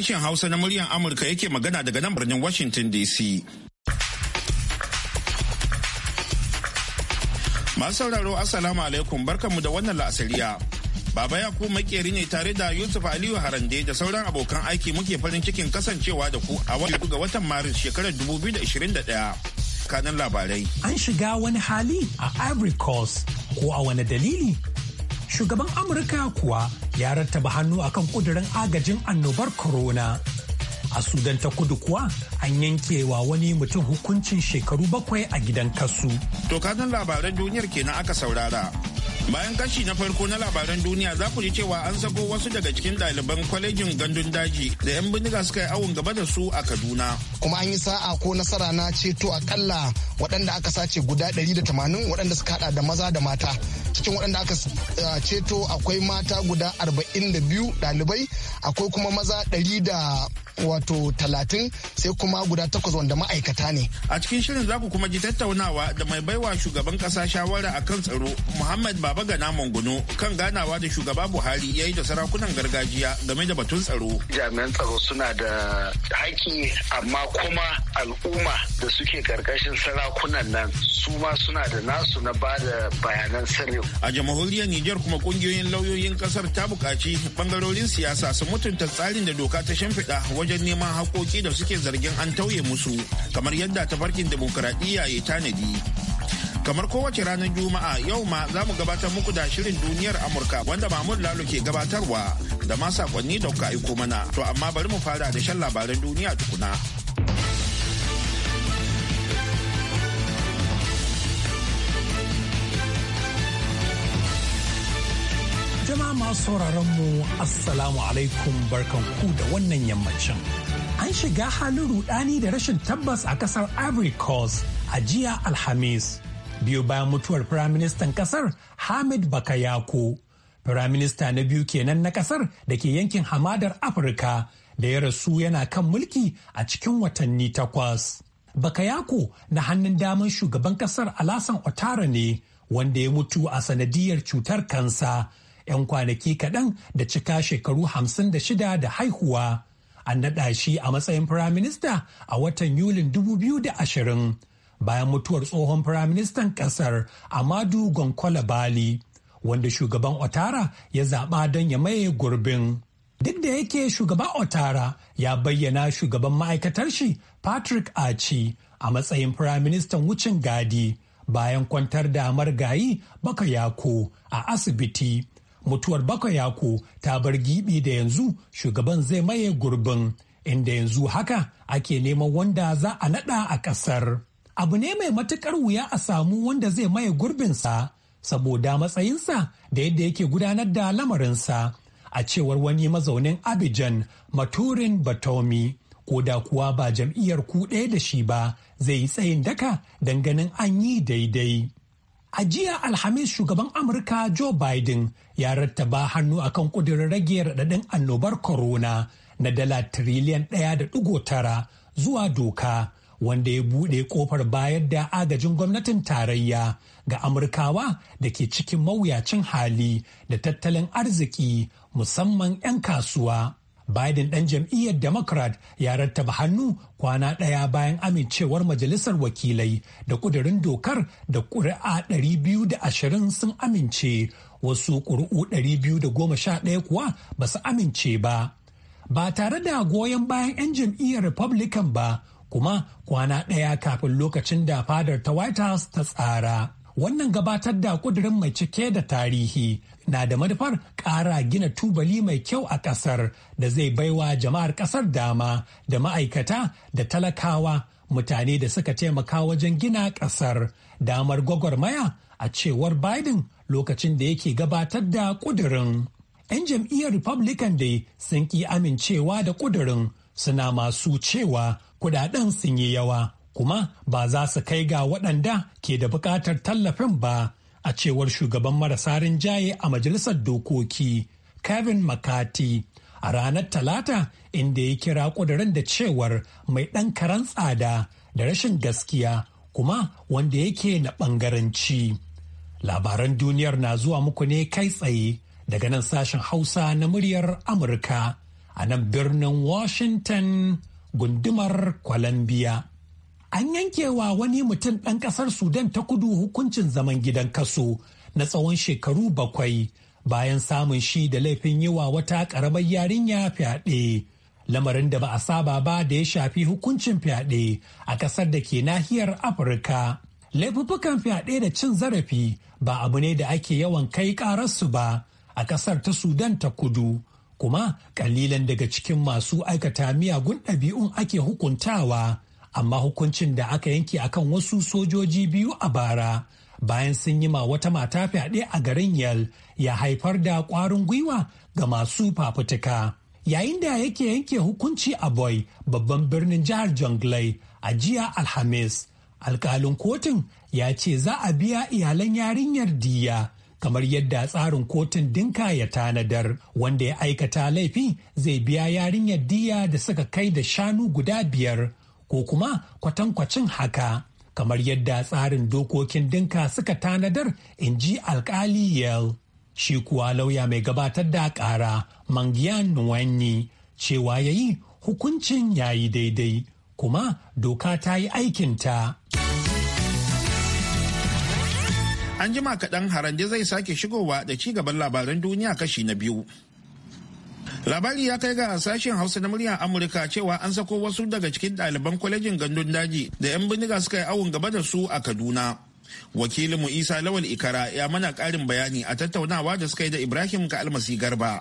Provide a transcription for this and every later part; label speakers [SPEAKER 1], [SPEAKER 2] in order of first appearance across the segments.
[SPEAKER 1] Sashen Hausa na muryar Amurka yake magana daga nan birnin Washington DC. Masu sauraro Assalamu alaikum barkanmu da wannan la'asariya. Baba Yaku makeri ne tare da Yusuf Aliyu Harande da sauran abokan aiki muke farin cikin kasancewa da ku a wani ga watan Maris shekarar 2021. Kanan labarai.
[SPEAKER 2] An shiga wani hali a Ivory Coast ko a wani dalili Shugaban Amurka kuwa ya rattaba hannu akan kudirin agajin annobar corona. A Sudan ta kudu kuwa an yankewa wani mutum hukuncin shekaru
[SPEAKER 1] bakwai a gidan kasu. To kanin labaran duniyar kenan aka saurara Bayan kashi na farko na labaran duniya za ku ji cewa an sako wasu daga cikin ɗaliban kwalejin gandun daji da 'yan bindiga suka yi awon gaba da su a Kaduna.
[SPEAKER 3] Kuma an yi sa'a ko nasara na ceto akalla waɗanda aka sace guda 180 waɗanda suka hada da maza da mata. Cikin waɗanda aka ceto akwai mata guda 42 ɗalibai akwai kuma maza 100 wato talatin sai kuma guda takwas wanda ma'aikata ne.
[SPEAKER 1] A cikin shirin za ku kuma ji tattaunawa da mai baiwa shugaban ƙasa shawara akan tsaro Muhammad Ba Baba Gana guno kan ganawa da shugaba Buhari ya yi da sarakunan gargajiya game da batun tsaro.
[SPEAKER 3] Jami'an tsaro suna da haƙƙi amma kuma al'umma da suke karkashin
[SPEAKER 1] sarakunan nan su ma suna da nasu na ba da bayanan sirri. A jamhuriyar Nijar kuma kungiyoyin lauyoyin kasar ta buƙaci bangarorin siyasa su mutunta tsarin da doka ta shimfiɗa wajen neman haƙoƙi da suke zargin an tauye musu kamar yadda tafarkin dimokuraɗiyya ya tanadi. kamar kowace ranar juma'a yau ma za mu gabatar muku da shirin duniyar amurka wanda mahmud lalo ke gabatarwa da ma sakonni da kuka aiko mana to amma bari mu fara da shan labaran duniya tukuna
[SPEAKER 2] jama'a masu sauraron mu assalamu alaikum barkan ku da wannan yammacin an shiga halin rudani da rashin tabbas a kasar ivory coast a jiya alhamis biyu bayan mutuwar firaministan kasar hamid bakayako firaminista na biyu kenan na kasar da ke yankin hamadar afirka da ya rasu yana kan mulki a cikin watanni takwas bakayako na hannun daman shugaban kasar alasan otara ne wanda ya mutu a sanadiyar cutar kansa 'yan kwanaki kaɗan da cika shekaru hamsin da shida da haihuwa. An naɗa shi a matsayin firaminista a watan Yulin 2020 bayan mutuwar tsohon firaministan ƙasar Amadu Gonkola Bali, wanda shugaban Otara ya zaɓa don ya maye gurbin. Duk da yake shugaba Otara ya bayyana shugaban ma'aikatar shi Patrick Achi a matsayin firaministan wucin gadi bayan kwantar da margayi Bakayako a asibiti. Mutuwar Bakayako ta bar gibi da yanzu shugaban zai maye gurbin, inda yanzu haka ake neman wanda za a naɗa a ƙasar. abu ne mai matukar wuya a samu wanda zai maye gurbinsa saboda matsayinsa da yadda yake gudanar da lamarinsa a cewar wani mazaunin Abidjan Maturin Batomi. Ko da kuwa ba jam'iyyar ku ɗaya da shi ba zai yi tsayin daka ganin an yi daidai. A jiya Alhamis shugaban Amurka Joe Biden ya rattaba hannu akan kudirin rage raɗaɗin annobar corona na dala tiriliyan ɗaya da ɗigo tara zuwa doka wanda ya buɗe ƙofar bayar da agajin gwamnatin tarayya ga amurkawa da ke cikin mawuyacin hali da tattalin arziki musamman 'yan kasuwa biden ɗan jam'iyyar democrat ya rattaba hannu kwana ɗaya bayan amincewar majalisar wakilai da kudurin dokar da ƙuri'a 220 sun amince wasu ƙuri'u 211 kuwa ba su amince ba ba tare da goyon bayan 'yan jam'iyyar republican ba kuma kwana ɗaya kafin lokacin da fadar ta White House ta tsara. Wannan gabatar da kudirin mai cike da tarihi na da manufar ƙara gina tubali mai kyau a ƙasar da zai baiwa jama'ar ƙasar dama da ma'aikata da talakawa mutane da suka taimaka wajen gina ƙasar damar gwagwarmaya a cewar Biden lokacin da yake gabatar da kudirin. 'Yan jam'iyyar Republican dai sun ƙi amincewa da kudirin suna masu cewa kudaden sun yi yawa kuma ba za su kai ga waɗanda ke da buƙatar tallafin ba a cewar shugaban marasa rinjaye a majalisar dokoki kevin Makati, a ranar talata inda ya kira ƙudurin da cewar mai ɗan karen tsada da rashin gaskiya kuma wanda yake na ɓangaranci labaran duniyar na zuwa muku ne kai tsaye daga nan sashen hausa na muryar amurka a nan birnin washington gundumar Colombia. An yankewa wani mutum ɗan ƙasar Sudan ta kudu hukuncin zaman gidan kaso na tsawon shekaru bakwai bayan samun shi da laifin yi wa wata ƙaramar yarinya fyaɗe. Lamarin da ba a saba ba da ya shafi hukuncin fyaɗe a ƙasar da ke nahiyar Afirka. Laifuffukan fyaɗe da cin zarafi ba abu ne da ake yawan kai ƙararsu ba a ƙasar ta Sudan ta kudu. kuma kalilan daga cikin masu aikata miyagun ɗabi'un ake hukuntawa amma hukuncin da aka yanke akan wasu sojoji biyu a bara bayan sun yi ma wata mata fyaɗe a garin yal ya haifar da ƙwarin gwiwa ga masu fafutuka yayin da yake yanke hukunci a boy babban birnin jihar jonglei a jiya alhamis alkalin kotun ya ce za a biya iyalan yarinyar diya kamar yadda tsarin kotun dinka ya tanadar wanda ya aikata laifi zai biya yarinyar diya da suka kai da shanu guda biyar ko kuma kwatankwacin haka kamar yadda tsarin dokokin dinka suka tanadar in ji alkali yel shi kuwa lauya mai gabatar da kara mangiyan nuwanyi cewa ya yi hukuncin ya yi daidai kuma doka ta yi aikinta.
[SPEAKER 1] An jima kaɗan harande zai sake shigowa da ci gaban labaran duniya kashi na biyu. Labari ya kai ga sashen Hausa na muryar Amurka cewa an sako wasu daga cikin ɗaliban kwalejin gandun daji da 'yan bindiga suka yi awon gaba da su a Kaduna. Wakilinmu Isa Lawal Ikara ya mana ƙarin bayani a tattaunawa da suka yi da Ibrahim ka almasi Garba.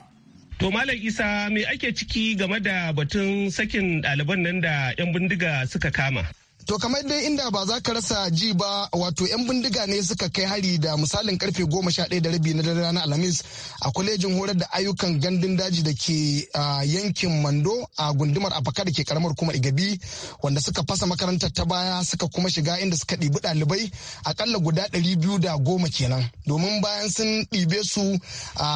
[SPEAKER 3] To Malam Isa me ake ciki game da batun sakin ɗaliban nan da 'yan bindiga suka kama?
[SPEAKER 1] To kamar dai inda ba za ka
[SPEAKER 3] rasa ji ba wato 'yan bindiga ne suka kai hari da misalin karfe goma sha ɗaya da rabi na dare ranar Alhamis a kwalejin horar da ayyukan gandun daji da ke yankin Mando a gundumar Afaka da ke karamar kuma Igabi wanda suka fasa makarantar ta baya suka kuma shiga inda suka ɗibi ɗalibai akalla guda ɗari biyu da goma kenan. Domin bayan sun ɗibe su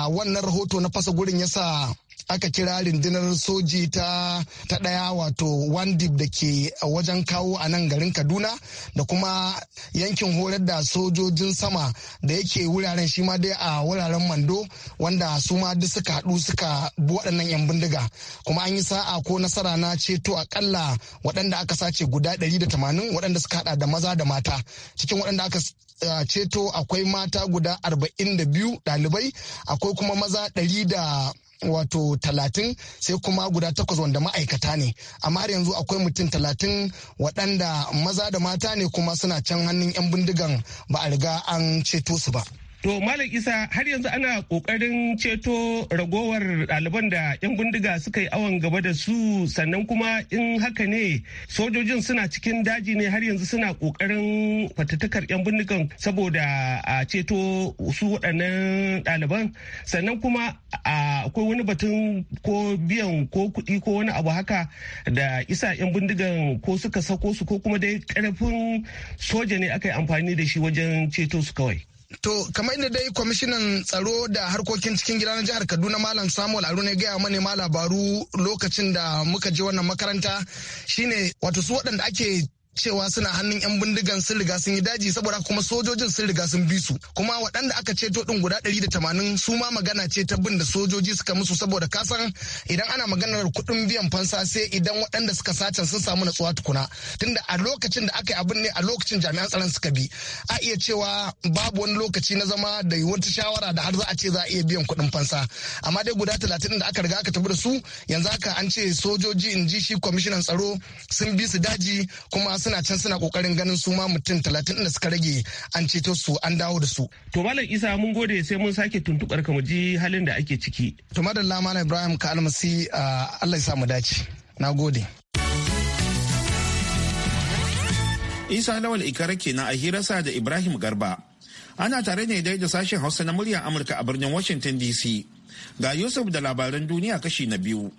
[SPEAKER 3] wannan rahoto na fasa gurin yasa aka kira rundunar soji ta ta ɗaya wato wandib da ke wajen kawo a nan garin kaduna da kuma yankin horar da sojojin sama da yake wuraren shi ma dai a wuraren mando wanda su ma duk suka haɗu suka bi waɗannan 'yan bindiga kuma an yi sa'a ko nasara na ceto akalla waɗanda aka sace guda 180 waɗanda suka haɗa da maza da mata cikin waɗanda aka ceto akwai mata guda 42 ɗalibai akwai kuma maza ɗari da wato talatin sai kuma guda takwas wanda ma'aikata ne amma har yanzu akwai mutum talatin waɗanda maza da mata ne kuma suna can hannun 'yan bindigan ba a riga an ceto su ba. To Malam Isa har yanzu ana kokarin ceto ragowar ɗaliban da 'yan bindiga suka yi awon gaba da su sannan kuma in haka ne sojojin suna cikin daji ne har yanzu suna kokarin fatattakar 'yan bindigan saboda a ceto su waɗannan ɗaliban sannan kuma akwai wani batun ko biyan ko kuɗi ko wani abu haka da isa 'yan bindigan ko suka sako su ko kuma dai ƙarfin soja ne aka yi amfani da shi wajen ceto su kawai. To kamar inda dai kwamishinan tsaro da harkokin cikin gida na jihar Kaduna Malam Samuel Aruna ya gaya manema labaru lokacin da muka je wannan makaranta shine wato su waɗanda ake cewa suna hannun 'yan bindigan sun riga sun yi daji saboda kuma sojojin sun riga sun bi su kuma waɗanda aka ceto din guda ɗari da tamanin su ma magana ce ta bin da sojoji suka musu saboda kasan idan ana maganar kuɗin biyan fansa sai idan waɗanda suka sace sun samu natsuwa tukuna tunda a lokacin da aka yi abin ne a lokacin jami'an tsaron suka bi a iya cewa babu wani lokaci na zama da wata shawara da har za a ce za a iya biyan kuɗin fansa amma dai guda talatin da aka riga aka tafi da su yanzu haka an ce sojoji in ji shi kwamishinan tsaro sun bi su daji kuma suna can suna kokarin ganin su ma mutum talatin da suka rage an ceto su an dawo da su. To Malam Isa mun gode sai mun sake tuntuɓar ka mu ji halin da ake ciki. To madalla Malam Ibrahim ka almasi ah, Allah ya sa mu dace.
[SPEAKER 1] Na gode. Isa Lawal Ikara kenan a sa da Ibrahim Garba. Ana tare ne dai da sashen Hausa na muryar Amurka a birnin Washington DC. Ga Yusuf da labaran duniya kashi na biyu.